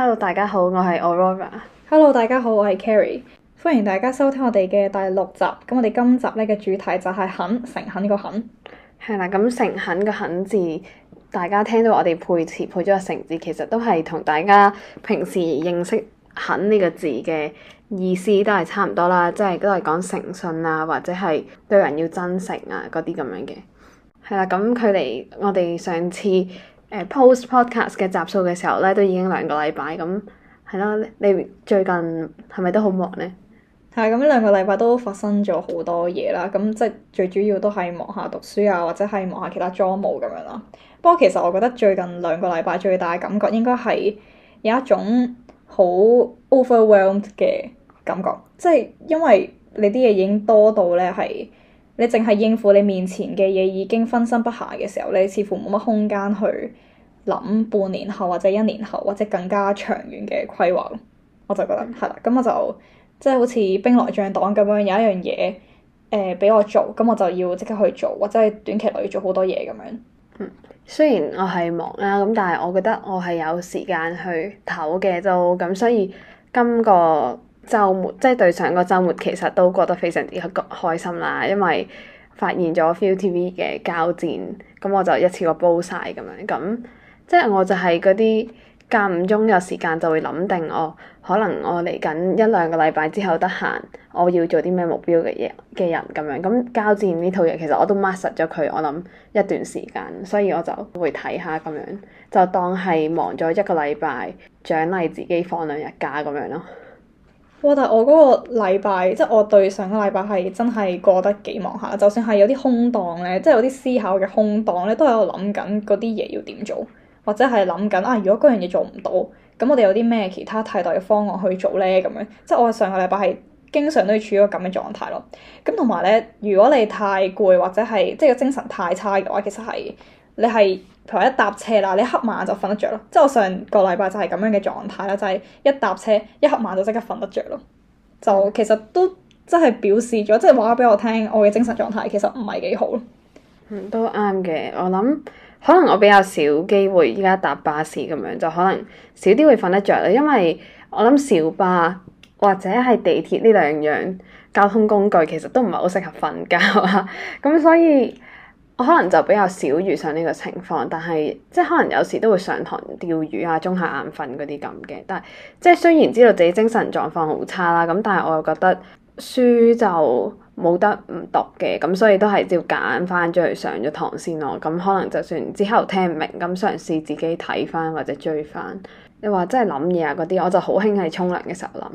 Hello，大家好，我係 Aurora。Hello，大家好，我係 Carrie。歡迎大家收聽我哋嘅第六集。咁我哋今集呢個主題就係“懇”，誠懇個“懇”。係啦，咁誠懇嘅“懇”字，大家聽到我哋配詞配咗個“誠”字，其實都係同大家平時認識“懇”呢個字嘅意思都係差唔多啦，即係都係講誠信啊，或者係對人要真誠啊嗰啲咁樣嘅。係啦，咁距離我哋上次。誒、uh, post podcast 嘅集數嘅時候咧，都已經兩個禮拜咁，係咯，你最近係咪都好忙咧？係咁，兩個禮拜都發生咗好多嘢啦。咁即係最主要都係忙下讀書啊，或者係忙下其他莊務咁樣啦。不過其實我覺得最近兩個禮拜最大嘅感覺應該係有一種好 overwhelmed 嘅感覺，即係因為你啲嘢已經多到咧係。你淨係應付你面前嘅嘢已經分身不暇嘅時候，你似乎冇乜空間去諗半年後或者一年後或者更加長遠嘅規劃咯。我就覺得係啦，咁、嗯、我就即係好似兵來將擋咁樣，有一樣嘢誒俾我做，咁我就要即刻去做，或者係短期內要做好多嘢咁樣。嗯，雖然我係忙啦，咁但係我覺得我係有時間去唞嘅，就咁所以今個。周末即係對上個周末，其實都過得非常之開心啦，因為發現咗 ViuTV 嘅膠戰，咁我就一次過煲晒。咁樣。咁即係我就係嗰啲間唔中有時間就會諗定，哦，可能我嚟緊一兩個禮拜之後得閒，我要做啲咩目標嘅嘢嘅人咁樣。咁膠戰呢套嘢其實我都 mark 實咗佢，我諗一段時間，所以我就會睇下咁樣，就當係忙咗一個禮拜，獎勵自己放兩日假咁樣咯。哇！但我嗰個禮拜，即係我對上個禮拜係真係過得幾忙下，就算係有啲空檔咧，即係有啲思考嘅空檔咧，都係我諗緊嗰啲嘢要點做，或者係諗緊啊，如果嗰樣嘢做唔到，咁我哋有啲咩其他替代嘅方案去做咧？咁樣，即係我上個禮拜係經常都要處於一個咁嘅狀態咯。咁同埋咧，如果你太攰或者係即係個精神太差嘅話，其實係。你係譬如話一搭車啦，你黑晚就瞓得着咯。即係我上個禮拜就係咁樣嘅狀態啦，就係、是、一搭車一黑晚就即刻瞓得着咯。就其實都即係表示咗，即係話俾我聽，我嘅精神狀態其實唔係幾好咯、嗯。都啱嘅。我諗可能我比較少機會依家搭巴士咁樣，就可能少啲會瞓得着啦。因為我諗小巴或者係地鐵呢兩樣交通工具其實都唔係好適合瞓覺啊。咁 所以。我可能就比較少遇上呢個情況，但係即係可能有時都會上堂釣魚啊、中下眼瞓嗰啲咁嘅。但係即係雖然知道自己精神狀況好差啦，咁但係我又覺得書就冇得唔讀嘅，咁所以都係照揀翻出去上咗堂先咯。咁可能就算之後聽唔明，咁嘗試自己睇翻或者追翻。你話真係諗嘢啊嗰啲，我就好興係沖涼嘅時候諗，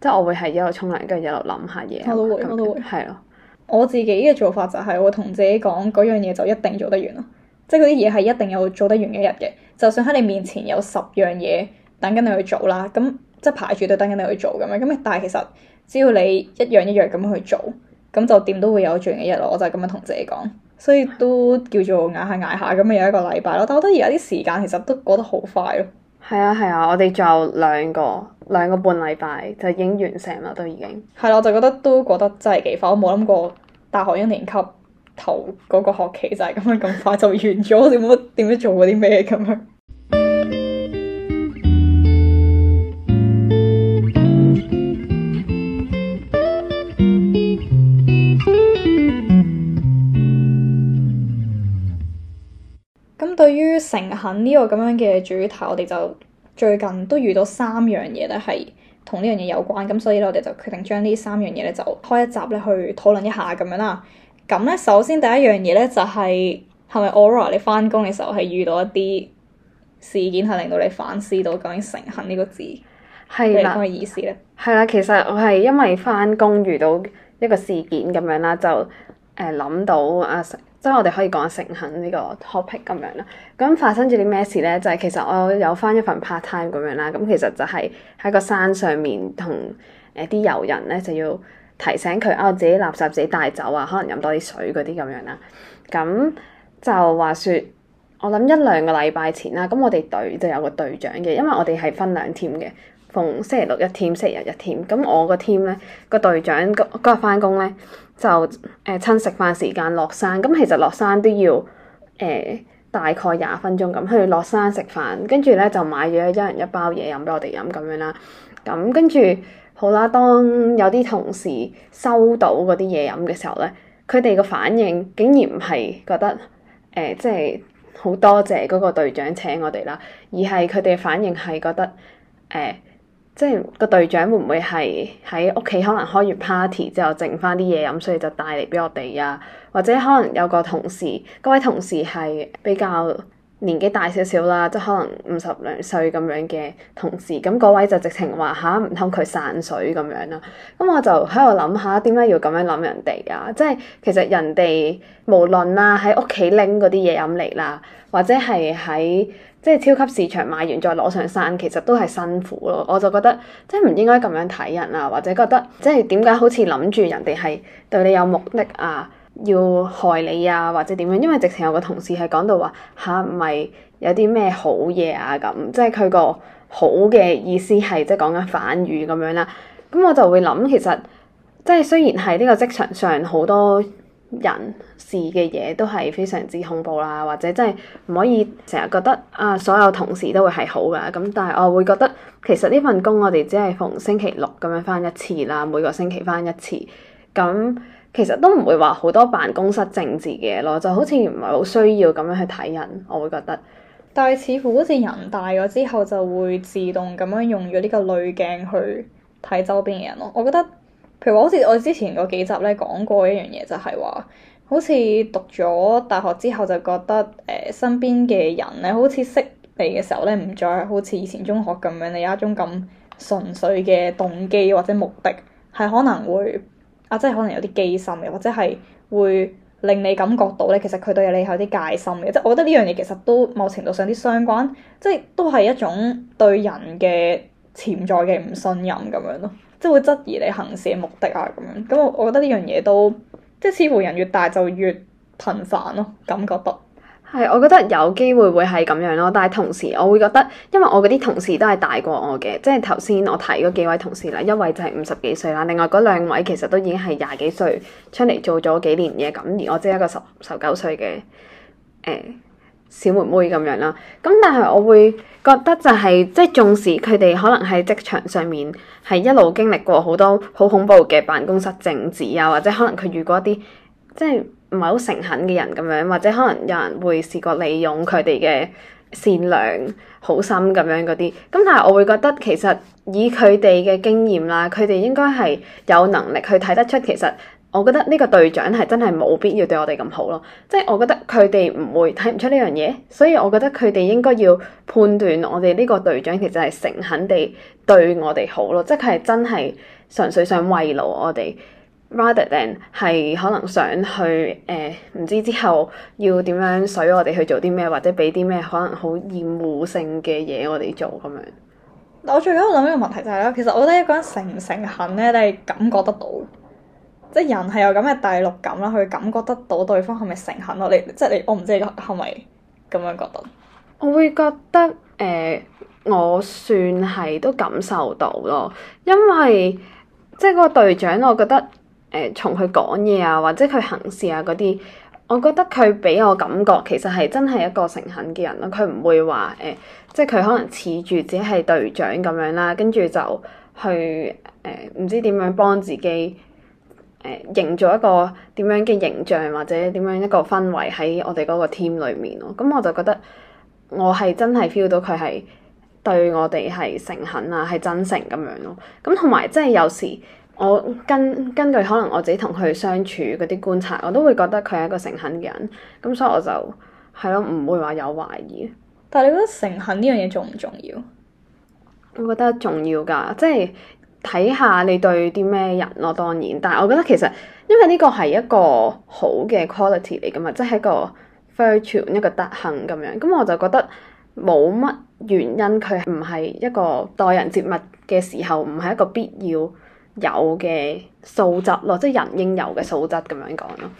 即係我會係一路沖涼跟住一路諗下嘢，係咯的。的我自己嘅做法就係我同自己講，嗰樣嘢就一定做得完咯，即係嗰啲嘢係一定有做得完嘅一日嘅。就算喺你面前有十樣嘢等緊你去做啦，咁即係排住都等緊你去做咁樣咁。但係其實只要你一樣一樣咁樣去做，咁就點都會有做完嘅一日咯。我就咁樣同自己講，所以都叫做捱下捱下咁有一個禮拜咯。但我覺得而家啲時間其實都過得好快咯。係啊係啊，我哋仲有兩個。兩個半禮拜就已經完成啦，都已經係啦， 我就覺得都覺得真係幾快，我冇諗過大學一年級頭嗰個學期就係咁樣咁快就完咗，點樣點樣做過啲咩咁樣？咁 對於誠懇呢個咁樣嘅主題，我哋就。最近都遇到三樣嘢咧，係同呢樣嘢有關，咁所以咧，我哋就決定將呢三樣嘢咧，就開一集咧去討論一下咁樣啦。咁咧，首先第一樣嘢咧，就係係咪 Aura 你翻工嘅時候係遇到一啲事件係令到你反思到究竟誠信呢個字係咩的意思咧？係啦，其實我係因為翻工遇到一個事件咁樣啦，就誒諗、呃、到啊。即係我哋可以講誠信呢個 topic 咁樣啦。咁發生咗啲咩事咧？就係、是、其實我有翻一份 part time 咁樣啦。咁其實就係喺個山上面同誒啲遊人咧，就要提醒佢啊、哦，自己垃圾自己帶走啊，可能飲多啲水嗰啲咁樣啦。咁就話説，我諗一兩個禮拜前啦。咁我哋隊就有個隊長嘅，因為我哋係分兩 team 嘅，逢星期六一 team，星期日一 team。咁我個 team 咧個隊長嗰日翻工咧。就誒趁食飯時間落山，咁、嗯、其實落山都要誒、呃、大概廿分鐘咁去落山食飯，跟住咧就買咗一人一包嘢飲俾我哋飲咁樣啦。咁、嗯、跟住好啦，當有啲同事收到嗰啲嘢飲嘅時候咧，佢哋個反應竟然唔係覺得誒、呃、即係好多謝嗰個隊長請我哋啦，而係佢哋反應係覺得誒。呃即係、那個隊長會唔會係喺屋企可能開完 party 之後剩翻啲嘢飲，所以就帶嚟俾我哋啊？或者可能有個同事，嗰位同事係比較年紀大少少啦，即係可能五十兩歲咁樣嘅同事，咁、那、嗰、個、位就直情話吓，唔通佢散水咁樣啦。咁我就喺度諗下，點解要咁樣諗人哋啊？即係其實人哋無論啦，喺屋企拎嗰啲嘢飲嚟啦，或者係喺。即係超級市場買完再攞上山，其實都係辛苦咯。我就覺得即係唔應該咁樣睇人啊，或者覺得即係點解好似諗住人哋係對你有目的啊，要害你啊，或者點樣？因為直情有個同事係講到話嚇，係咪、啊、有啲咩好嘢啊咁，即係佢個好嘅意思係即係講緊反語咁樣啦。咁我就會諗，其實即係雖然係呢個職場上好多。人事嘅嘢都係非常之恐怖啦，或者真係唔可以成日覺得啊，所有同事都會係好噶咁。但係我會覺得其實呢份工我哋只係逢星期六咁樣返一次啦，每個星期返一次。咁其實都唔會話好多辦公室政治嘅嘢咯，就好似唔係好需要咁樣去睇人。我會覺得，但係似乎好似人大咗之後就會自動咁樣用咗呢個濾鏡去睇周邊嘅人咯。我覺得。譬如好似我之前嗰幾集咧講過一樣嘢，就係話，好似讀咗大學之後就覺得，誒、呃、身邊嘅人咧，好似識你嘅時候咧，唔再好似以前中學咁樣，你有一種咁純粹嘅動機或者目的，係可能會啊，即係可能有啲機心嘅，或者係會令你感覺到咧，其實佢對你有啲戒心嘅。即係我覺得呢樣嘢其實都某程度上啲相關，即係都係一種對人嘅潛在嘅唔信任咁樣咯。即係會質疑你行事嘅目的啊咁樣，咁我我覺得呢樣嘢都即係似乎人越大就越頻繁咯，感覺到。係，我覺得有機會會係咁樣咯。但係同時，我會覺得，因為我嗰啲同事都係大過我嘅，即係頭先我睇嗰幾位同事啦，一位就係五十幾歲啦，另外嗰兩位其實都已經係廿幾歲出嚟做咗幾年嘢，咁而我即係一個十十九歲嘅誒。呃小妹妹咁樣啦，咁但係我會覺得就係即係縱使佢哋可能喺職場上面係一路經歷過好多好恐怖嘅辦公室政治啊，或者可能佢遇過一啲即係唔係好誠懇嘅人咁樣，或者可能有人會試過利用佢哋嘅善良、好心咁樣嗰啲，咁但係我會覺得其實以佢哋嘅經驗啦，佢哋應該係有能力去睇得出其實。我覺得呢個隊長係真係冇必要對我哋咁好咯，即係我覺得佢哋唔會睇唔出呢樣嘢，所以我覺得佢哋應該要判斷我哋呢個隊長其實係誠懇地對我哋好咯，即係佢係真係純粹想慰勞我哋。rather than 係可能想去誒，唔、呃、知之後要點樣水我哋去做啲咩，或者俾啲咩可能好厭惡性嘅嘢我哋做咁樣。但我最緊要諗一個問題就係、是、咧，其實我覺得一個人誠唔誠懇咧，你係感覺得到。即係人係有咁嘅第六感啦，佢感覺得到對方係咪誠懇咯？你即係你，我唔知你係咪咁樣覺得。我會覺得誒、呃，我算係都感受到咯，因為即係嗰個隊長我、呃啊啊，我覺得誒，從佢講嘢啊，或者佢行事啊嗰啲，我覺得佢俾我感覺其實係真係一個誠懇嘅人咯、啊。佢唔會話誒、呃，即係佢可能恃住自己係隊長咁樣啦，跟住就去誒，唔、呃、知點樣幫自己。誒，營造、呃、一個點樣嘅形象或者點樣一個氛圍喺我哋嗰個 team 裏面咯，咁、嗯、我就覺得我係真係 feel 到佢係對我哋係誠懇啊，係真誠咁樣咯。咁同埋即係有時我根根據可能我自己同佢相處嗰啲觀察，我都會覺得佢係一個誠懇嘅人。咁、嗯、所以我就係咯，唔會話有懷疑。但係你覺得誠懇呢樣嘢重唔重要？我覺得重要噶，即係。睇下你對啲咩人咯，當然。但係我覺得其實，因為呢個係一個好嘅 quality 嚟噶嘛，即係一個 virtue，一個德行咁樣。咁我就覺得冇乜原因佢唔係一個待人接物嘅時候唔係一個必要有嘅素質咯，即係人應有嘅素質咁樣講咯。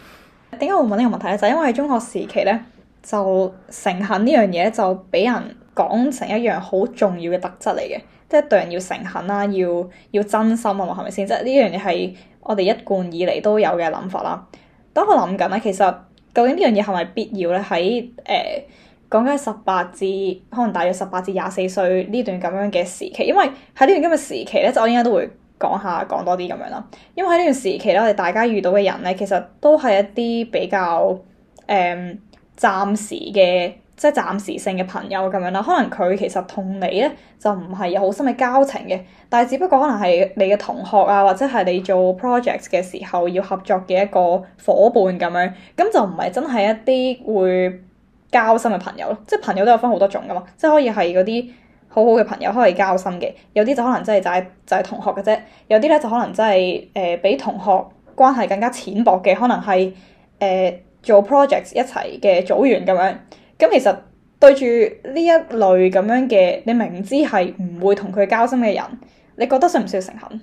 點解我會問呢個問題咧？就係因為中學時期咧，就誠信呢樣嘢就俾人講成一樣好重要嘅特質嚟嘅。即係對人要誠懇啦，要要真心啊嘛，係咪先？即係呢樣嘢係我哋一貫以嚟都有嘅諗法啦。當我諗緊咧，其實究竟呢樣嘢係咪必要咧？喺誒講緊十八至可能大約十八至廿四歲呢段咁樣嘅時期，因為喺呢段咁嘅時期咧，就我應該都會講下講多啲咁樣啦。因為喺呢段時期咧，我哋大家遇到嘅人咧，其實都係一啲比較誒暫時嘅。即係暫時性嘅朋友咁樣啦，可能佢其實同你咧就唔係有好深嘅交情嘅，但係只不過可能係你嘅同學啊，或者係你做 project 嘅時候要合作嘅一個伙伴咁樣，咁就唔係真係一啲會交心嘅朋友咯。即係朋友都有分好多種噶嘛，即係可以係嗰啲好好嘅朋友可以交心嘅，有啲就可能真係就係、是、就係、是、同學嘅啫，有啲咧就可能真係誒比同學關係更加淺薄嘅，可能係誒、呃、做 project 一齊嘅組員咁樣。咁其實對住呢一類咁樣嘅，你明知係唔會同佢交心嘅人，你覺得需唔需要誠懇？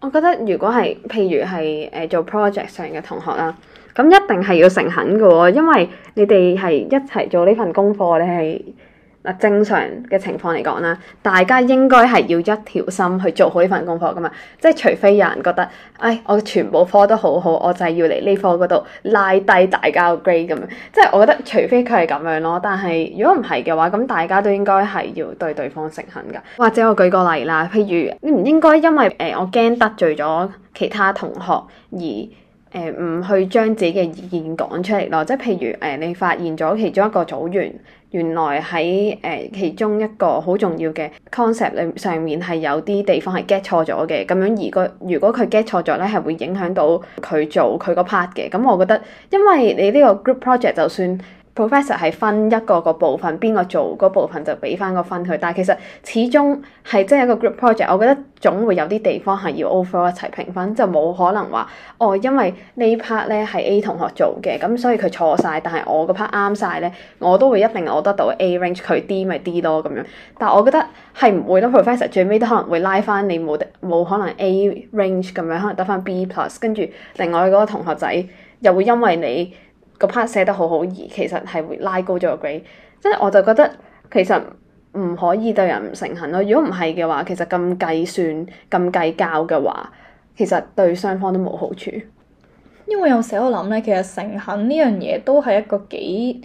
我覺得如果係譬如係誒、呃、做 project 上嘅同學啦，咁一定係要誠懇嘅，哦，因為你哋係一齊做呢份功課，你係。嗱，正常嘅情況嚟講啦，大家應該係要一條心去做好呢份功課噶嘛。即係除非有人覺得，哎，我全部科都好好，我就係要嚟呢科嗰度拉低大家嘅 grade 咁樣。即係我覺得，除非佢係咁樣咯。但係如果唔係嘅話，咁大家都應該係要對對方誠懇噶。或者我舉個例啦，譬如你唔應該因為誒、呃、我驚得罪咗其他同學而誒唔、呃、去將自己嘅意見講出嚟咯。即係譬如誒、呃，你發現咗其中一個組員。原來喺誒、呃、其中一個好重要嘅 concept 裏上面係有啲地方係 get 錯咗嘅，咁樣而個如果佢 get 錯咗咧，係會影響到佢做佢個 part 嘅。咁我覺得，因為你呢個 group project 就算。professor 係分一個個部分，邊個做嗰部分就俾翻個分佢。但係其實始終係真係一個 group project，我覺得總會有啲地方係要 overall 一齊評分，就冇可能話哦，因為呢 part 咧係 A 同學做嘅，咁所以佢錯晒。但係我嗰 part 啱晒咧，我都會一定我得到 A range，佢 D 咪 D 咯咁樣。但係我覺得係唔會咯，professor 最尾都可能會拉翻你冇冇可能 A range 咁樣，可能得翻 B plus，跟住另外嗰個同學仔又會因為你個 part 寫得好好而其實係會拉高咗個 grade，即係我就覺得其實唔可以對人唔誠懇咯。如果唔係嘅話，其實咁計算，咁計較嘅話，其實對雙方都冇好處。因為有時我諗咧，其實誠懇呢樣嘢都係一個幾，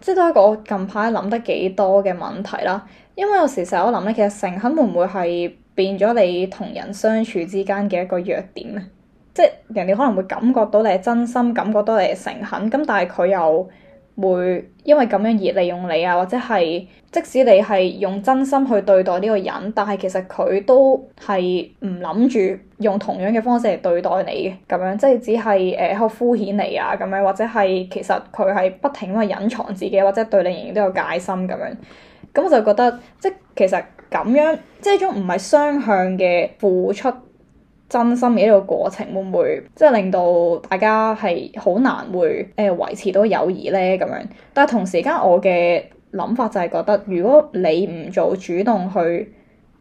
即係都係一個我近排諗得幾多嘅問題啦。因為有時成日我諗咧，其實誠懇會唔會係變咗你同人相處之間嘅一個弱點咧？即係人哋可能會感覺到你係真心，感覺到你係誠懇，咁但係佢又會因為咁樣而利用你啊，或者係即使你係用真心去對待呢個人，但係其實佢都係唔諗住用同樣嘅方式嚟對待你嘅，咁樣即係只係誒好敷衍你啊，咁樣或者係其實佢係不停去隱藏自己，或者對你仍然都有戒心咁樣，咁我就覺得即係其實咁樣即係一種唔係雙向嘅付出。真心嘅一個過程會唔會即係令到大家係好難會誒維、呃、持到友誼呢？咁樣？但係同時間我嘅諗法就係覺得，如果你唔做主動去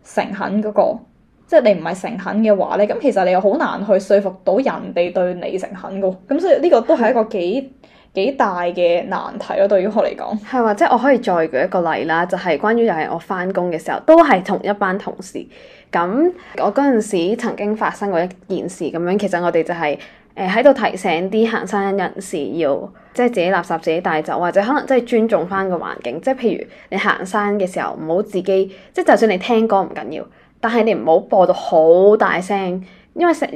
誠懇嗰個，即、就、係、是、你唔係誠懇嘅話呢咁其實你又好難去說服到人哋對你誠懇噶。咁所以呢個都係一個幾。幾大嘅難題咯，對於我嚟講係話，即係我可以再舉一個例啦，就係、是、關於又係我翻工嘅時候，都係同一班同事。咁我嗰陣時曾經發生過一件事咁樣，其實我哋就係誒喺度提醒啲行山人士要即係自己垃圾自己帶走，或者可能即係尊重翻個環境。即係譬如你行山嘅時候，唔好自己即係就算你聽歌唔緊要，但係你唔好播到好大聲，因為成，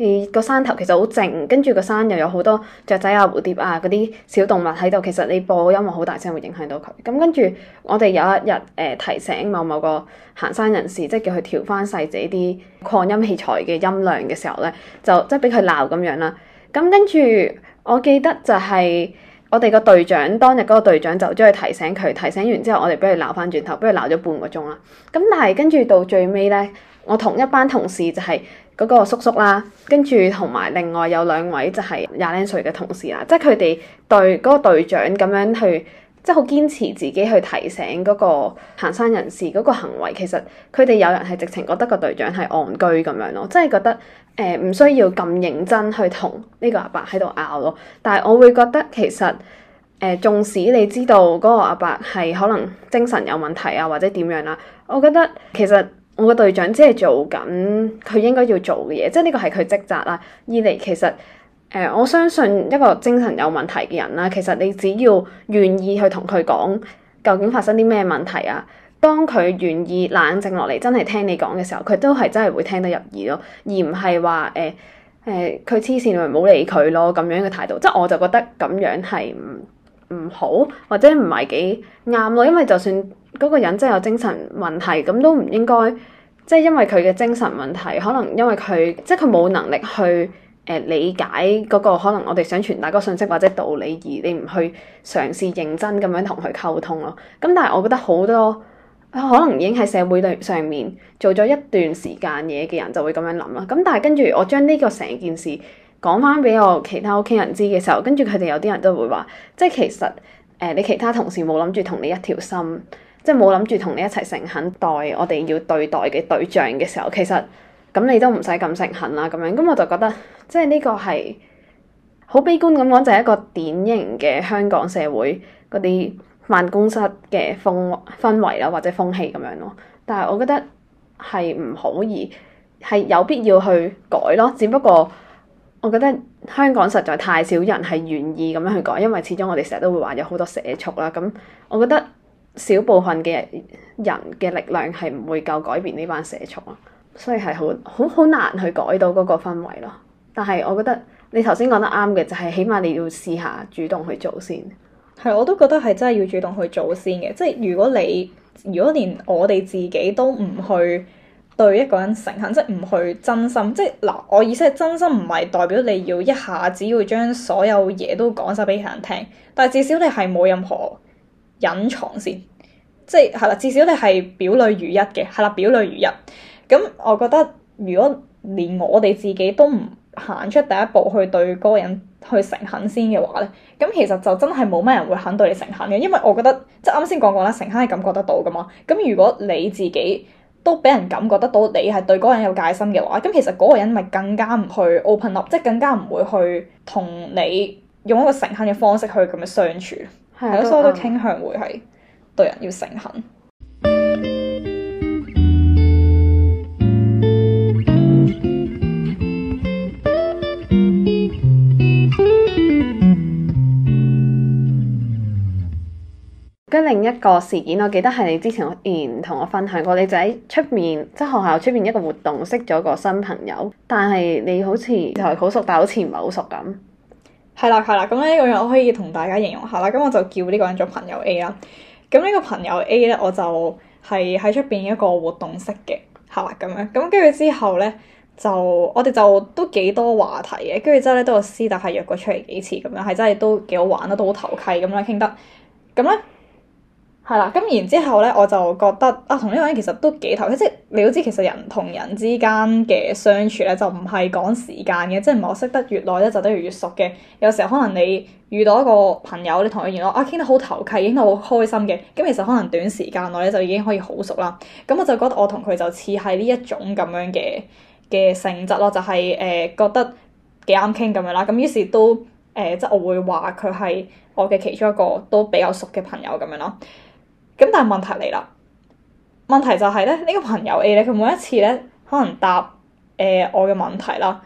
誒個山頭其實好靜，跟住個山又有好多雀仔啊、蝴蝶啊嗰啲小動物喺度。其實你播音樂好大聲，會影響到佢。咁跟住我哋有一日誒、呃、提醒某某個行山人士，即係叫佢調翻細自己啲擴音器材嘅音量嘅時候咧，就即係俾佢鬧咁樣啦。咁跟住我記得就係、是、我哋個隊長當日嗰個隊長就將佢提醒佢，提醒完之後我哋俾佢鬧翻轉頭，俾佢鬧咗半個鐘啦。咁但係跟住到最尾咧，我同一班同事就係、是。嗰個叔叔啦，跟住同埋另外有兩位就係廿零歲嘅同事啦，即係佢哋對嗰個隊長咁樣去，即係好堅持自己去提醒嗰個行山人士嗰個行為。其實佢哋有人係直情覺得個隊長係戇居咁樣咯，即係覺得誒唔、呃、需要咁認真去同呢個阿伯喺度拗咯。但係我會覺得其實誒、呃，縱使你知道嗰個阿伯係可能精神有問題啊，或者點樣啦，我覺得其實。我個隊長只係做緊佢應該要做嘅嘢，即係呢個係佢職責啦。二嚟其實，誒、呃、我相信一個精神有問題嘅人啦，其實你只要願意去同佢講究竟發生啲咩問題啊，當佢願意冷靜落嚟，真係聽你講嘅時候，佢都係真係會聽得入耳咯，而唔係話誒誒佢黐線咪唔好理佢咯咁樣嘅態度。即係我就覺得咁樣係唔唔好或者唔係幾啱咯，因為就算。嗰個人真係有精神問題，咁都唔應該，即係因為佢嘅精神問題，可能因為佢即係佢冇能力去誒、呃、理解嗰、那個可能我哋想傳達嗰個信息或者道理，而你唔去嘗試認真咁樣同佢溝通咯。咁但係我覺得好多可能已經喺社會上面做咗一段時間嘢嘅人就會咁樣諗啦。咁但係跟住我將呢個成件事講翻俾我其他屋企人知嘅時候，跟住佢哋有啲人都會話，即係其實誒、呃、你其他同事冇諗住同你一條心。即係冇諗住同你一齊誠懇待我哋要對待嘅對象嘅時候，其實咁你都唔使咁誠懇啦。咁樣咁、嗯、我就覺得，即係呢個係好悲觀咁講，就係、是、一個典型嘅香港社會嗰啲辦公室嘅風氛圍啦，或者風氣咁樣咯。但係我覺得係唔可以，係有必要去改咯。只不過我覺得香港實在太少人係願意咁樣去改，因為始終我哋成日都會話有好多社畜啦。咁、嗯、我覺得。小部分嘅人嘅力量係唔會夠改變呢班社畜啊，所以係好好好難去改到嗰個氛圍咯。但係我覺得你頭先講得啱嘅，就係起碼你要試下主動去做先。係，我都覺得係真係要主動去做先嘅。即係如果你如果連我哋自己都唔去對一個人誠懇，即係唔去真心，即係嗱，我意思係真心唔係代表你要一下子要將所有嘢都講晒俾人聽，但係至少你係冇任何。隱藏先，即係係啦，至少你係表裏如一嘅，係啦，表裏如一。咁我覺得，如果連我哋自己都唔行出第一步去對嗰個人去誠懇先嘅話咧，咁其實就真係冇咩人會肯對你誠懇嘅，因為我覺得即係啱先講過啦，誠懇係感覺得到噶嘛。咁如果你自己都俾人感覺得到你係對嗰個人有戒心嘅話，咁其實嗰個人咪更加唔去 open up，即係更加唔會去同你用一個誠懇嘅方式去咁樣相處。係，所以我都傾向會係對人要誠懇。跟另一個事件，我記得係你之前同我分享過，你就喺出面，即係學校出面一個活動，識咗個新朋友，但係你好似就係好熟，但係好似唔係好熟咁。係啦，係啦，咁呢個人我可以同大家形容下啦，咁我就叫呢個人做朋友 A 啦。咁呢個朋友 A 呢，我就係喺出邊一個活動式嘅，係啦咁樣。咁跟住之後呢，就我哋就都幾多話題嘅，跟住之後呢，都有私底下約過出嚟幾次，咁樣係真係都幾好玩啦，都好投契咁樣傾得。咁呢。係啦，咁對話、嗯、然之後咧，我就覺得啊，同呢個人其實都幾投契。即係你都知，其實人同人之間嘅相處咧，就唔係講時間嘅，即係唔係我識得越耐咧，就等於越熟嘅。有時候可能你遇到一個朋友，你同佢聊啊，傾得好投契，傾得好開心嘅。咁其實可能短時間內咧，就已經可以好熟啦。咁、嗯、我就覺得我同佢就似係呢一種咁樣嘅嘅性質咯，就係、是、誒、呃、覺得幾啱傾咁樣啦。咁、啊、於是都誒、呃，即係我會話佢係我嘅其中一個都比較熟嘅朋友咁樣咯。咁但係問題嚟啦，問題就係呢，呢個朋友 A 呢，佢每一次呢可能答誒、呃、我嘅問題啦，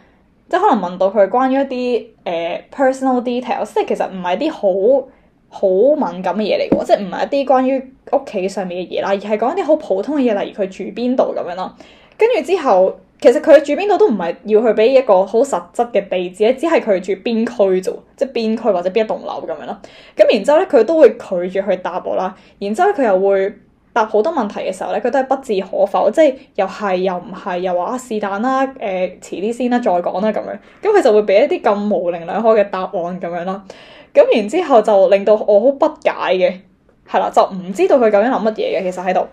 即係可能問到佢關於一啲誒、呃、personal details，即係其實唔係一啲好好敏感嘅嘢嚟嘅，即係唔係一啲關於屋企上面嘅嘢啦，而係講一啲好普通嘅嘢，例如佢住邊度咁樣咯，跟住之後。其實佢住邊度都唔係要去俾一個好實質嘅地址咧，只係佢住邊區啫喎，即邊區或者邊一棟樓咁樣咯。咁然之後咧，佢都會拒絕去答我啦。然之後佢又會答好多問題嘅時候咧，佢都係不置可否，即係又係又唔係，又話啊是但啦，誒、呃、遲啲先啦，再講啦咁樣。咁佢就會俾一啲咁模棱兩可嘅答案咁樣咯。咁然之後就令到我好不解嘅，係啦，就唔知道佢究竟諗乜嘢嘅。其實喺度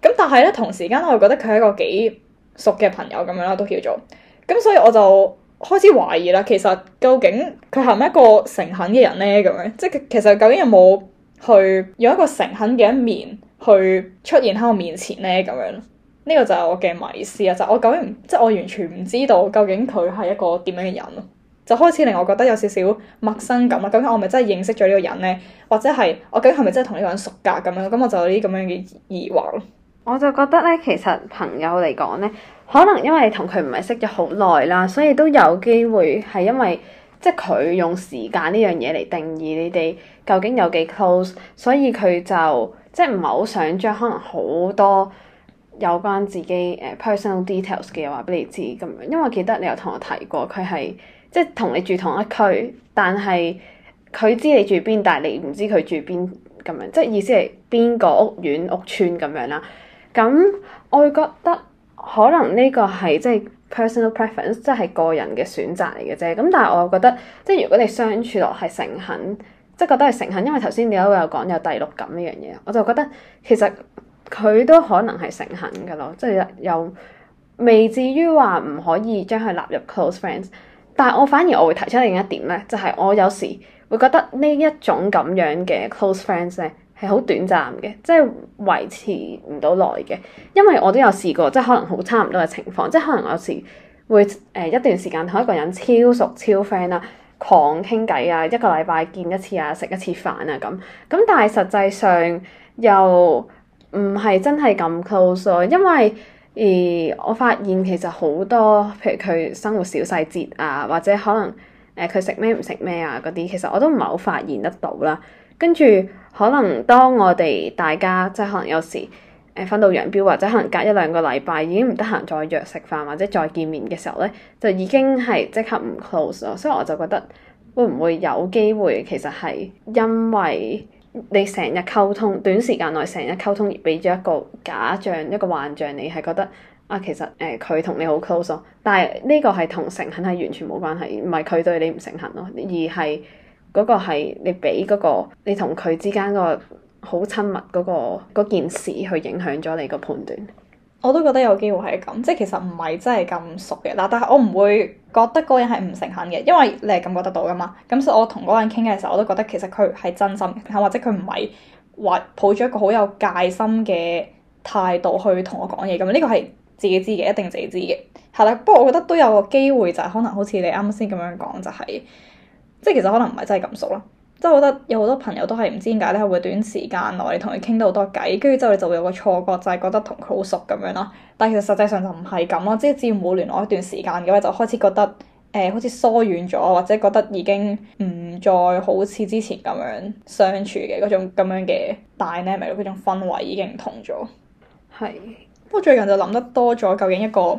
咁，但係咧同時間我又覺得佢係一個幾。熟嘅朋友咁樣啦，都叫做咁，所以我就開始懷疑啦。其實究竟佢係咪一個誠懇嘅人呢？咁樣即係其實究竟有冇去用一個誠懇嘅一面去出現喺我面前呢？咁樣呢、這個就係我嘅迷思啊！就係、我究竟即係、就係、我完全唔知道究竟佢係一個點樣嘅人，就開始令我覺得有少少陌生感啦。究竟我咪真係認識咗呢個人呢？或者係我究竟係咪真係同呢個人熟㗎咁樣？咁我就有啲咁樣嘅疑惑咯。我就覺得咧，其實朋友嚟講咧，可能因為同佢唔係識咗好耐啦，所以都有機會係因為即係佢用時間呢樣嘢嚟定義你哋究竟有幾 close，所以佢就即係唔係好想將可能好多有關自己誒、uh, personal details 嘅嘢話俾你知咁樣。因為我記得你有同我提過，佢係即係同你住同一區，但係佢知你住邊，但係你唔知佢住邊咁樣。即係意思係邊個屋苑、屋邨咁樣啦。咁，我會覺得可能呢個係即係 personal preference，即係個人嘅選擇嚟嘅啫。咁但係我覺得，即係如果你相處落係誠懇，即係覺得係誠懇，因為頭先你都有講有第六感呢樣嘢，我就覺得其實佢都可能係誠懇㗎咯，即係又未至於話唔可以將佢納入 close friends。但係我反而我會提出另一點咧，就係、是、我有時會覺得呢一種咁樣嘅 close friends 咧。係好短暫嘅，即係維持唔到耐嘅，因為我都有試過，即係可能好差唔多嘅情況，即係可能我有時會誒、呃、一段時間同一個人超熟超 friend 啦，狂傾偈啊，一個禮拜見一次啊，食一次飯啊咁，咁但係實際上又唔係真係咁 close，因為誒、呃、我發現其實好多譬如佢生活小細節啊，或者可能誒佢食咩唔食咩啊嗰啲，其實我都唔係好發現得到啦。跟住，可能當我哋大家即係可能有時，誒、呃、分道揚鑣，或者可能隔一兩個禮拜已經唔得閒再約食飯或者再見面嘅時候咧，就已經係即刻唔 close 咯。所以我就覺得，會唔會有機會其實係因為你成日溝通，短時間內成日溝通，而俾咗一個假象、一個幻象，你係覺得啊，其實誒佢同你好 close 咯。但係呢個係同誠懇係完全冇關係，唔係佢對你唔誠懇咯，而係。嗰個係你俾嗰個你同佢之間個好親密嗰個件事去影響咗你個判斷，我都覺得有機會係咁，即係其實唔係真係咁熟嘅嗱，但係我唔會覺得嗰人係唔誠懇嘅，因為你係感覺得到噶嘛。咁所以我同嗰人傾嘅時候，我都覺得其實佢係真心或者佢唔係話抱住一個好有戒心嘅態度去同我講嘢咁。呢個係自己知嘅，一定自己知嘅。係啦，不過我覺得都有個機會就係可能好似你啱先咁樣講就係。即係其實可能唔係真係咁熟啦，即係我覺得有好多朋友都係唔知點解咧，會短時間內你同佢傾到好多偈，跟住之後你就會有個錯覺，就係、是、覺得同佢好熟咁樣啦。但係其實實際上就唔係咁咯，即係只要冇聯絡一段時間嘅話，就開始覺得誒、呃、好似疏遠咗，或者覺得已經唔再好似之前咁樣相處嘅嗰種咁樣嘅 dynamic 嗰種氛圍已經唔同咗。係是。不過最近就諗得多咗，究竟一個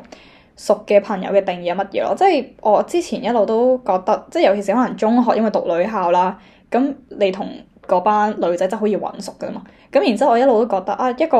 熟嘅朋友嘅定義係乜嘢咯？即係我之前一路都覺得，即係尤其是可能中學因為讀女校啦，咁你同嗰班女仔真係可以揾熟㗎嘛。咁然之後我一路都覺得啊，一個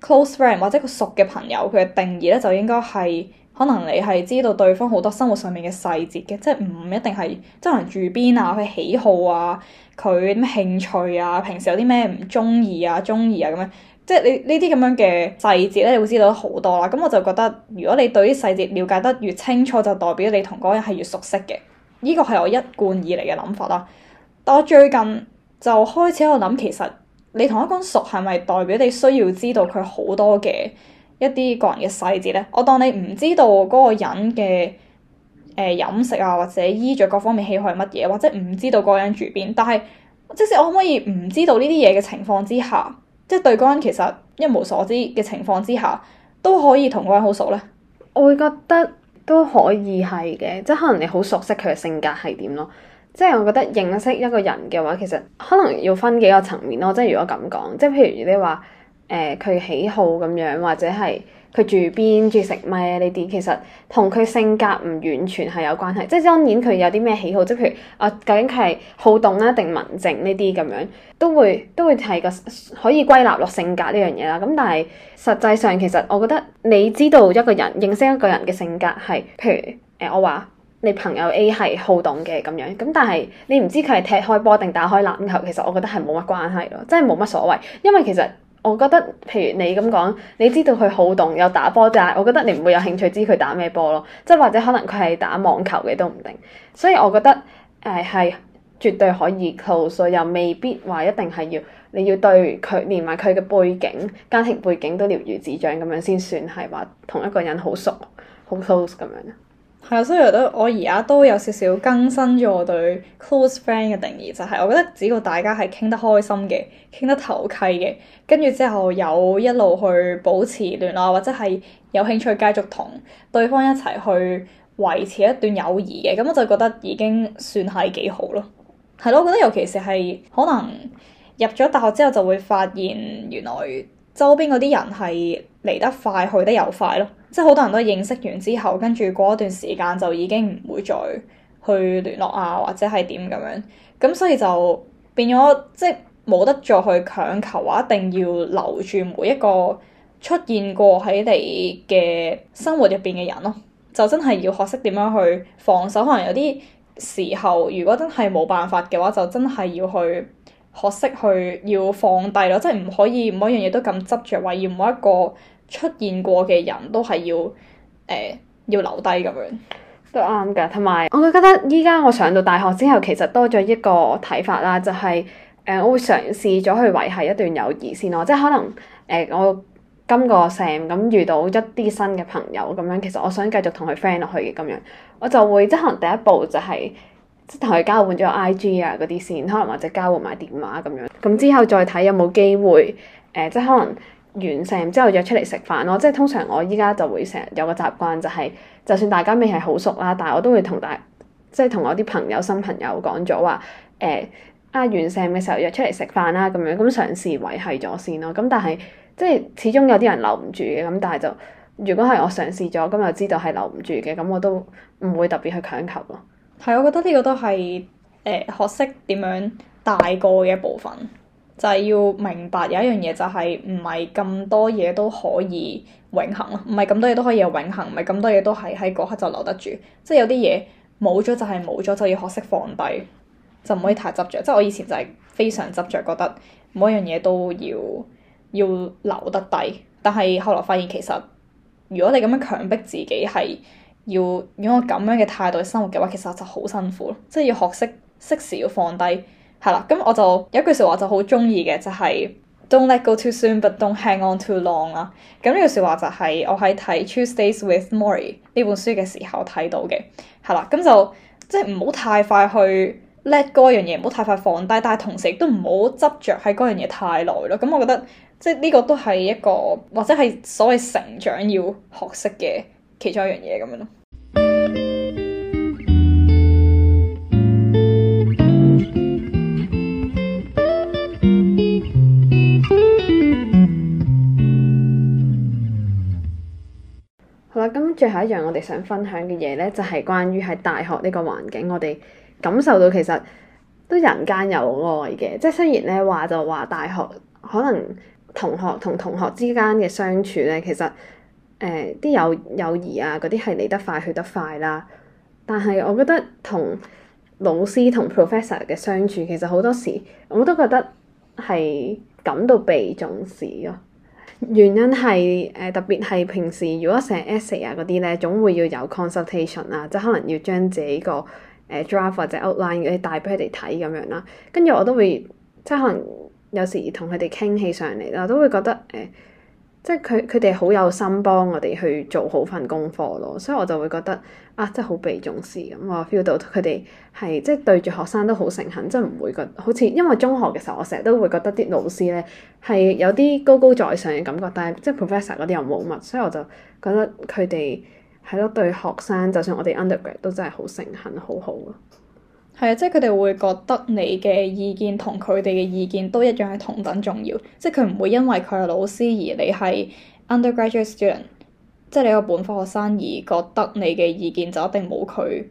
close friend 或者一個熟嘅朋友，佢嘅定義咧就應該係可能你係知道對方好多生活上面嘅細節嘅，即係唔一定係即係可能住邊啊，佢喜好啊，佢咩興趣啊，平時有啲咩唔中意啊，中意啊咁樣。即係你這這呢啲咁樣嘅細節咧，你會知道好多啦。咁我就覺得，如果你對啲細節了解得越清楚，就代表你同嗰個人係越熟悉嘅。呢個係我一貫以嚟嘅諗法啦。但我最近就開始喺度諗，其實你同一個人熟，係咪代表你需要知道佢好多嘅一啲個人嘅細節咧？我當你唔知道嗰個人嘅誒飲食啊，或者衣着各方面喜好係乜嘢，或者唔知道嗰個人住邊，但係即使我可唔可以唔知道呢啲嘢嘅情況之下？即係對嗰個人其實一無所知嘅情況之下，都可以同嗰個人好熟咧。我會覺得都可以係嘅，即係可能你好熟悉佢嘅性格係點咯。即係我覺得認識一個人嘅話，其實可能要分幾個層面咯。即係如果咁講，即係譬如你話誒佢喜好咁樣，或者係。佢住邊，鍾意食咩呢啲，其實同佢性格唔完全係有關係，即係當然佢有啲咩喜好，即係譬如啊，究竟佢係好動呀定文靜呢啲咁樣，都會都會係個可以歸納落性格呢樣嘢啦。咁但係實際上其實我覺得你知道一個人，認識一個人嘅性格係，譬如誒、呃，我話你朋友 A 係好動嘅咁樣，咁但係你唔知佢係踢開波定打開籃球，其實我覺得係冇乜關係咯，即係冇乜所謂，因為其實。我覺得，譬如你咁講，你知道佢好動，有打波嘅，我覺得你唔會有興趣知佢打咩波咯。即係或者可能佢係打網球嘅都唔定。所以我覺得，誒、呃、係絕對可以 close，投訴，又未必話一定係要你要對佢連埋佢嘅背景、家庭背景都了如指掌咁樣先算係話同一個人好熟、好 close 咁樣。係啊，所以我覺得我而家都有少少更新咗我對 close friend 嘅定義，就係我覺得只要大家係傾得開心嘅，傾得投契嘅，跟住之後有一路去保持聯絡，或者係有興趣繼續同對方一齊去維持一段友誼嘅，咁我就覺得已經算係幾好咯。係咯，我覺得尤其是係可能入咗大學之後就會發現，原來周邊嗰啲人係嚟得快去得又快咯。即係好多人都認識完之後，跟住過一段時間就已經唔會再去聯絡啊，或者係點咁樣，咁所以就變咗即係冇得再去強求話一定要留住每一個出現過喺你嘅生活入邊嘅人咯、啊。就真係要學識點樣去放手，可能有啲時候如果真係冇辦法嘅話，就真係要去學識去要放低咯，即係唔可以每一樣嘢都咁執着，話要每一個。出現過嘅人都係要誒、欸、要留低咁樣，都啱㗎。同埋我覺得依家我上到大學之後，其實多咗一個睇法啦，就係、是、誒、呃、我會嘗試咗去維係一段友誼先咯。即係可能誒、呃、我今個 semester 咁遇到一啲新嘅朋友咁樣，其實我想繼續同佢 friend 落去嘅咁樣，我就會即係可能第一步就係、是、即係同佢交換咗 IG 啊嗰啲先，可能或者交換埋電話咁樣。咁之後再睇有冇機會誒、呃，即係可能。完成之後約出嚟食飯咯，即係通常我依家就會成日有個習慣、就是，就係就算大家未係好熟啦，但係我都會同大即係同我啲朋友新朋友講咗話，誒、欸、啊完成嘅時候約出嚟食飯啦，咁樣咁嘗試維係咗先咯。咁但係即係始終有啲人留唔住嘅，咁但係就如果係我嘗試咗，咁就知道係留唔住嘅，咁我都唔會特別去強求咯。係，我覺得呢個都係誒學識點樣,樣大個嘅一部分。就係要明白有一樣嘢就係唔係咁多嘢都可以永恆咯，唔係咁多嘢都可以永恆，唔係咁多嘢都係喺嗰刻就留得住。即係有啲嘢冇咗就係冇咗，就要學識放低，就唔可以太執着。即係我以前就係非常執着，覺得每一樣嘢都要要留得低。但係後來發現其實如果你咁樣強迫自己係要用咁樣嘅態度去生活嘅話，其實就好辛苦咯。即係要學識適時要放低。係啦，咁我就有句說話就好中意嘅，就係 Don't let go too soon，but don't hang on too long 啦。咁呢句說話就係我喺睇《Tuesdays with Morrie》呢本書嘅時候睇到嘅。係啦，咁就即係唔好太快去 let go 樣嘢，唔好太快放低，但係同時亦都唔好執着喺嗰樣嘢太耐咯。咁我覺得即係呢個都係一個或者係所謂成長要學識嘅其中一樣嘢咁樣咯。咁最後一樣我哋想分享嘅嘢咧，就係關於喺大學呢個環境，我哋感受到其實都人間有愛嘅。即係雖然咧，話就話大學可能同學同同學之間嘅相處咧，其實誒啲友、友誼啊啲係嚟得快去得快啦。但係我覺得同老師同 professor 嘅相處其實好多時我都覺得係感到被重視咯。原因係誒、呃、特別係平時如果成 essay 啊嗰啲咧，總會要有 consultation 啊，即係可能要將自己、個誒 draft 或者 outline 嘅帶俾佢哋睇咁樣啦。跟住我都會即係可能有時同佢哋傾起上嚟啦，都會覺得誒，呃即係佢，佢哋好有心幫我哋去做好份功課咯，所以我就會覺得啊，真係好被重視。咁我 feel 到佢哋係即係對住學生都好誠懇，真唔會覺得好似，因為中學嘅時候，我成日都會覺得啲老師咧係有啲高高在上嘅感覺，但係即係 professor 嗰啲又冇乜，所以我就覺得佢哋係咯，對學生，就算我哋 undergrad 都真係好誠懇，好好啊。係啊，即係佢哋會覺得你嘅意見同佢哋嘅意見都一樣係同等重要。即係佢唔會因為佢係老師而你係 undergraduate student，即係你個本科學生而覺得你嘅意見就一定冇佢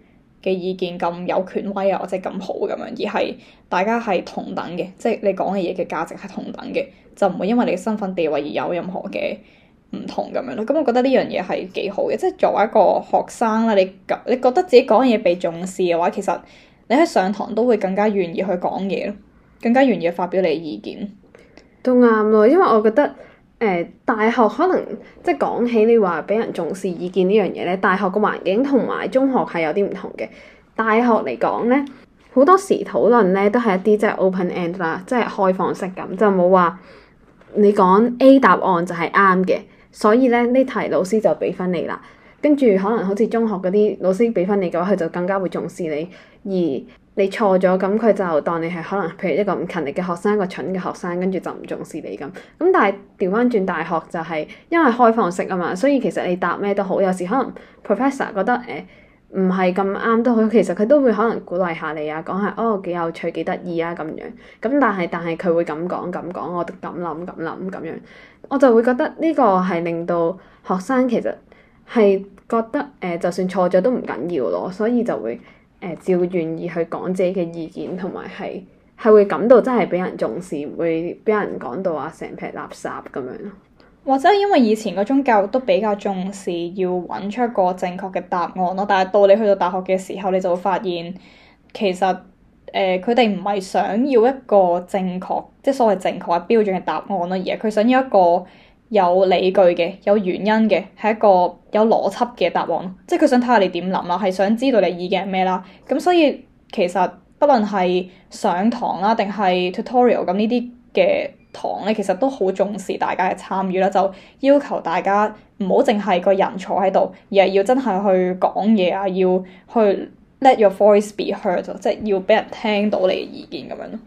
嘅意見咁有權威啊，或者咁好咁樣，而係大家係同等嘅。即係你講嘅嘢嘅價值係同等嘅，就唔會因為你嘅身份地位而有任何嘅唔同咁樣咯。咁我覺得呢樣嘢係幾好嘅。即係作為一個學生啦，你你覺得自己講嘢被重視嘅話，其實～你喺上堂都會更加願意去講嘢咯，更加願意發表你意見，都啱咯。因為我覺得，誒、呃、大學可能即係講起你話俾人重視意見呢樣嘢咧，大學個環境同埋中學係有啲唔同嘅。大學嚟講咧，好多時討論咧都係一啲即係 open end 啦，即係開放式咁，就冇話你講 A 答案就係啱嘅。所以咧，呢題老師就俾翻你啦。跟住可能好似中學嗰啲老師俾翻你嘅話，佢就更加會重視你。而你錯咗咁，佢就當你係可能譬如一個唔勤力嘅學生，一個蠢嘅學生，跟住就唔重視你咁。咁但係調翻轉大學就係因為開放式啊嘛，所以其實你答咩都好，有時可能 professor 覺得誒唔係咁啱都好，其實佢都會可能鼓勵下你啊，講下哦幾有趣幾得意啊咁樣。咁但係但係佢會咁講咁講，我咁諗咁諗咁樣，我就會覺得呢個係令到學生其實。係覺得誒、呃，就算錯咗都唔緊要咯，所以就會誒、呃、照願意去講自己嘅意見，同埋係係會感到真係俾人重視，會俾人講到啊成撇垃圾咁樣。或者因為以前嗰種教育都比較重視要揾出一個正確嘅答案咯，但係到你去到大學嘅時候，你就會發現其實誒佢哋唔係想要一個正確，即所謂正確或標準嘅答案咯，而係佢想要一個。有理據嘅，有原因嘅，係一個有邏輯嘅答案。即係佢想睇下你點諗啦，係想知道你意見係咩啦。咁所以其實，不論係上堂啦，定係 tutorial 咁呢啲嘅堂咧，其實都好重視大家嘅參與啦。就要求大家唔好淨係個人坐喺度，而係要真係去講嘢啊，要去 let your voice be heard，即係要俾人聽到你嘅意見咁樣咯。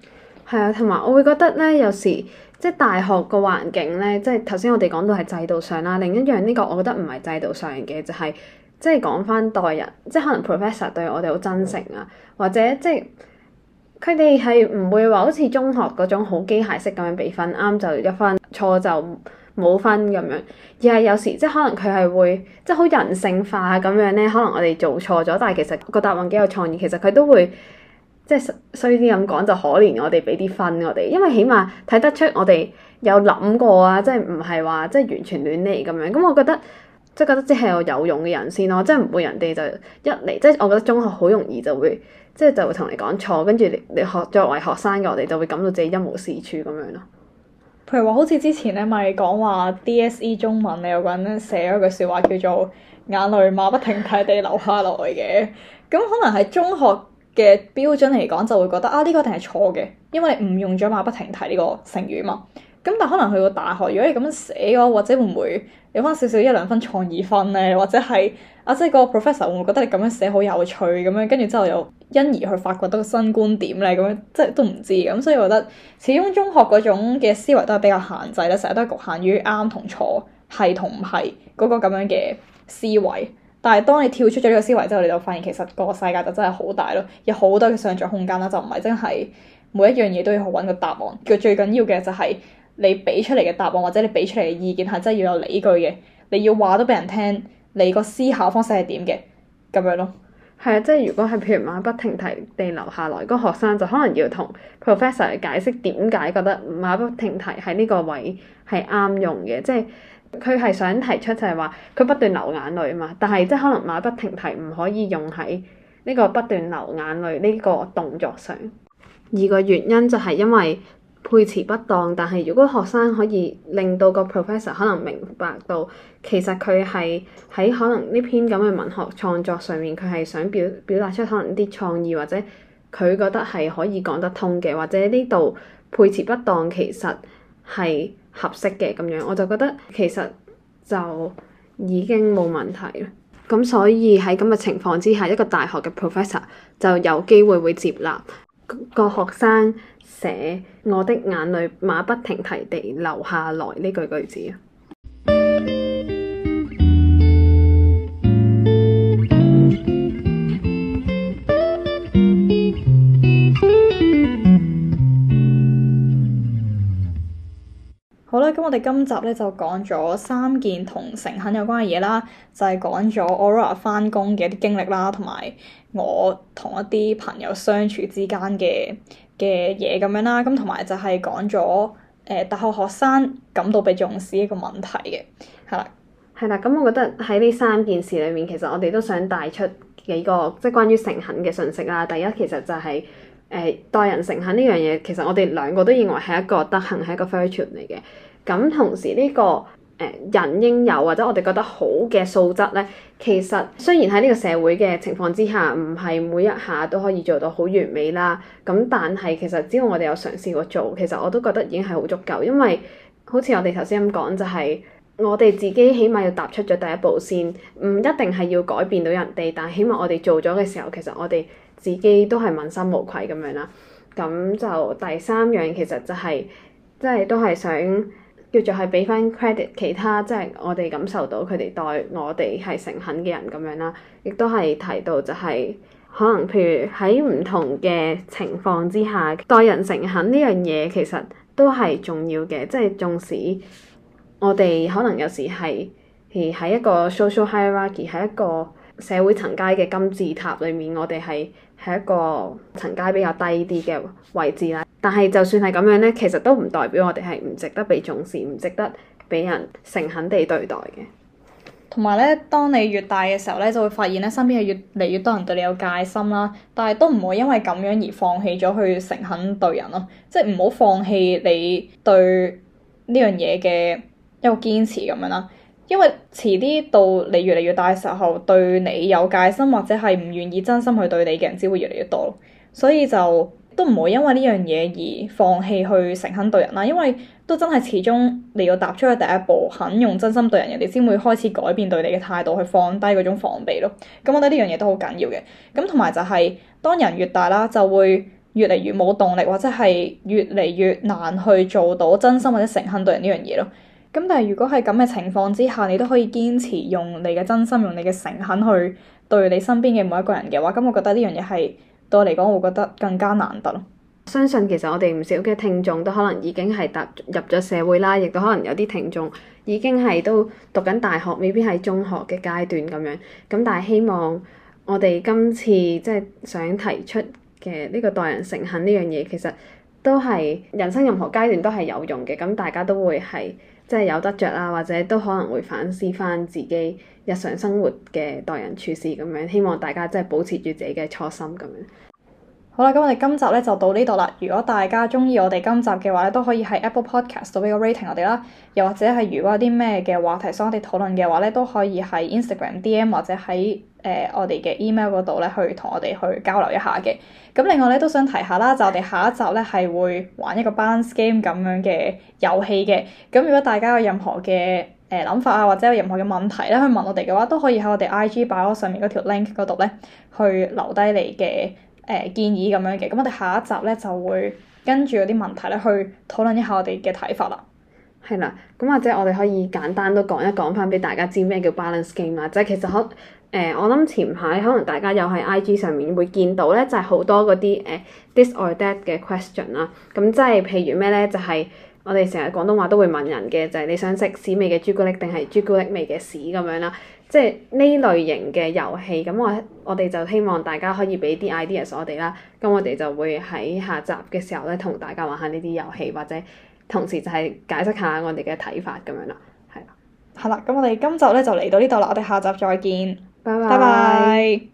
係啊，同埋我會覺得咧，有時。即係大學個環境咧，即係頭先我哋講到係制度上啦。另一樣呢個，我覺得唔係制度上嘅，就係、是、即係講翻代人，即係可能 professor 對我哋好真誠啊，或者即係佢哋係唔會話好似中學嗰種好機械式咁樣俾分，啱就一分，錯就冇分咁樣。而係有時即係可能佢係會即係好人性化咁樣咧，可能我哋做錯咗，但係其實個答案幾有創意，其實佢都會。即係衰啲咁講就可憐我哋俾啲分我哋，因為起碼睇得出我哋有諗過啊！即係唔係話即係完全亂嚟咁樣。咁樣我覺得即係覺得即係我有有用嘅人先咯，即係唔會人哋就一嚟，即係我覺得中學好容易就會即係就會同你講錯，跟住你你學作為學生嘅我哋就會感到自己一無是處咁樣咯。譬如話好似之前咧咪講話 DSE 中文你有個人寫咗句説話叫做眼淚馬不停蹄地流下來嘅，咁可能係中學。嘅標準嚟講就會覺得啊，呢個一定係錯嘅，因為唔用咗馬不停蹄呢個成語嘛。咁但可能去到大學，如果你咁樣寫嘅，或者會唔會有翻少少一兩分創意分呢？或者係啊，即係個 professor 會唔會覺得你咁樣寫好有趣咁樣？跟住之後又因而去發掘到個新觀點呢，咁樣即係都唔知嘅。咁所以我覺得始終中學嗰種嘅思維都係比較限制咧，成日都係局限於啱同錯、係同唔係嗰個咁樣嘅思維。但係當你跳出咗呢個思維之後，你就發現其實個世界就真係好大咯，有好多嘅想像空間啦，就唔係真係每一樣嘢都要揾個答案。佢最緊要嘅就係你俾出嚟嘅答案，或者你俾出嚟嘅意見係真係要有理據嘅。你要話都俾人聽，你個思考方式係點嘅，咁樣咯。係啊，即係如果係譬如馬不停蹄地留下來，個學生就可能要同 professor 解釋點解覺得馬不停蹄喺呢個位係啱用嘅，即係。佢係想提出就係話，佢不斷流眼淚啊嘛，但係即係可能馬不停蹄唔可以用喺呢個不斷流眼淚呢個動作上。二個原因就係因為配詞不當，但係如果學生可以令到個 professor 可能明白到，其實佢係喺可能呢篇咁嘅文學創作上面，佢係想表表達出可能啲創意，或者佢覺得係可以講得通嘅，或者呢度配詞不當，其實。係合適嘅咁樣，我就覺得其實就已經冇問題啦。咁所以喺咁嘅情況之下，一個大學嘅 professor 就有機會會接納個，個學生寫我的眼淚馬不停蹄地流下來呢句句子。好啦，咁我哋今集咧就講咗三件同誠懇有關嘅嘢啦，就係、是、講咗 Aurora 返工嘅一啲經歷啦，同埋我同一啲朋友相處之間嘅嘅嘢咁樣啦，咁同埋就係講咗誒、呃、大學學生感到被重視一個問題嘅，係啦，係啦，咁我覺得喺呢三件事裏面，其實我哋都想帶出幾個即係關於誠懇嘅信息啦。第一，其實就係誒待人誠懇呢樣嘢，其實我哋兩個都認為係一個德行，係一個 virtue 嚟嘅。咁同時呢個誒人應有或者我哋覺得好嘅素質呢，其實雖然喺呢個社會嘅情況之下，唔係每一下都可以做到好完美啦。咁但係其實只要我哋有嘗試過做，其實我都覺得已經係好足夠。因為好似我哋頭先咁講，就係我哋自己起碼要踏出咗第一步先，唔一定係要改變到人哋，但係起碼我哋做咗嘅時候，其實我哋自己都係問心無愧咁樣啦。咁就第三樣其實就係即係都係想。叫做係俾翻 credit 其他，即、就、係、是、我哋感受到佢哋待我哋係誠懇嘅人咁樣啦，亦都係提到就係、是、可能譬如喺唔同嘅情況之下，待人誠懇呢樣嘢其實都係重要嘅，即係縱使我哋可能有時係係喺一個 social hierarchy 喺一個社會層階嘅金字塔裏面，我哋係喺一個層階比較低啲嘅位置啦。但係就算係咁樣呢，其實都唔代表我哋係唔值得被重視，唔值得俾人誠懇地對待嘅。同埋咧，當你越大嘅時候咧，就會發現咧，身邊係越嚟越多人對你有戒心啦、啊。但係都唔會因為咁樣而放棄咗去誠懇對人咯、啊。即係唔好放棄你對呢樣嘢嘅一個堅持咁樣啦、啊。因為遲啲到你越嚟越大嘅時候，對你有戒心或者係唔願意真心去對你嘅人，只會越嚟越多。所以就。都唔會因為呢樣嘢而放棄去誠懇對人啦，因為都真係始終你要踏出去第一步，肯用真心對人，人哋先會開始改變對你嘅態度，去放低嗰種防備咯。咁、嗯、我覺得呢樣嘢都好緊要嘅。咁同埋就係、是、當人越大啦，就會越嚟越冇動力，或者係越嚟越難去做到真心或者誠懇對人呢樣嘢咯。咁、嗯、但係如果係咁嘅情況之下，你都可以堅持用你嘅真心，用你嘅誠懇去對你身邊嘅每一個人嘅話，咁、嗯、我覺得呢樣嘢係，對我嚟講，我覺得更加難得咯。相信其實我哋唔少嘅聽眾都可能已經係踏入咗社會啦，亦都可能有啲聽眾已經係都讀緊大學，未必喺中學嘅階段咁樣。咁但係希望我哋今次即係想提出嘅呢個待人誠懇呢樣嘢，其實都係人生任何階段都係有用嘅。咁大家都會係即係有得着啦，或者都可能會反思返自己。日常生活嘅待人處事咁樣，希望大家真係保持住自己嘅初心咁樣。好啦，咁我哋今集咧就到呢度啦。如果大家鍾意我哋今集嘅話咧，都可以喺 Apple Podcast 度俾個 rating 我哋啦。又或者係如果有啲咩嘅話題想我哋討論嘅話咧，都可以喺 Instagram DM 或者喺誒、呃、我哋嘅 email 度咧去同我哋去交流一下嘅。咁另外咧都想提下啦，就是、我哋下一集咧係會玩一個 band game 咁樣嘅遊戲嘅。咁如果大家有任何嘅，誒諗、呃、法啊，或者有任何嘅問題咧，去問我哋嘅話，都可以喺我哋 IG 百科上面嗰條 link 嗰度咧，去留低你嘅誒、呃、建議咁樣嘅。咁我哋下一集咧就會跟住嗰啲問題咧去討論一下我哋嘅睇法啦。係啦，咁或者我哋可以簡單都講一講翻俾大家知咩叫 balance game 啦。即係其實可誒、呃，我諗前排可能大家又喺 IG 上面會見到咧，就係、是、好多嗰啲誒、呃、t i s or d e a t 嘅 question 啦。咁即係譬如咩咧，就係、是。我哋成日廣東話都會問人嘅，就係你想食屎味嘅朱古力定係朱古力味嘅屎咁樣啦，即係呢類型嘅遊戲。咁我我哋就希望大家可以俾啲 ideas 我哋啦，咁我哋就會喺下集嘅時候咧，同大家玩下呢啲遊戲，或者同時就係解釋下我哋嘅睇法咁樣啦。係，好啦，咁我哋今集咧就嚟到呢度啦，我哋下集再見，拜拜拜拜。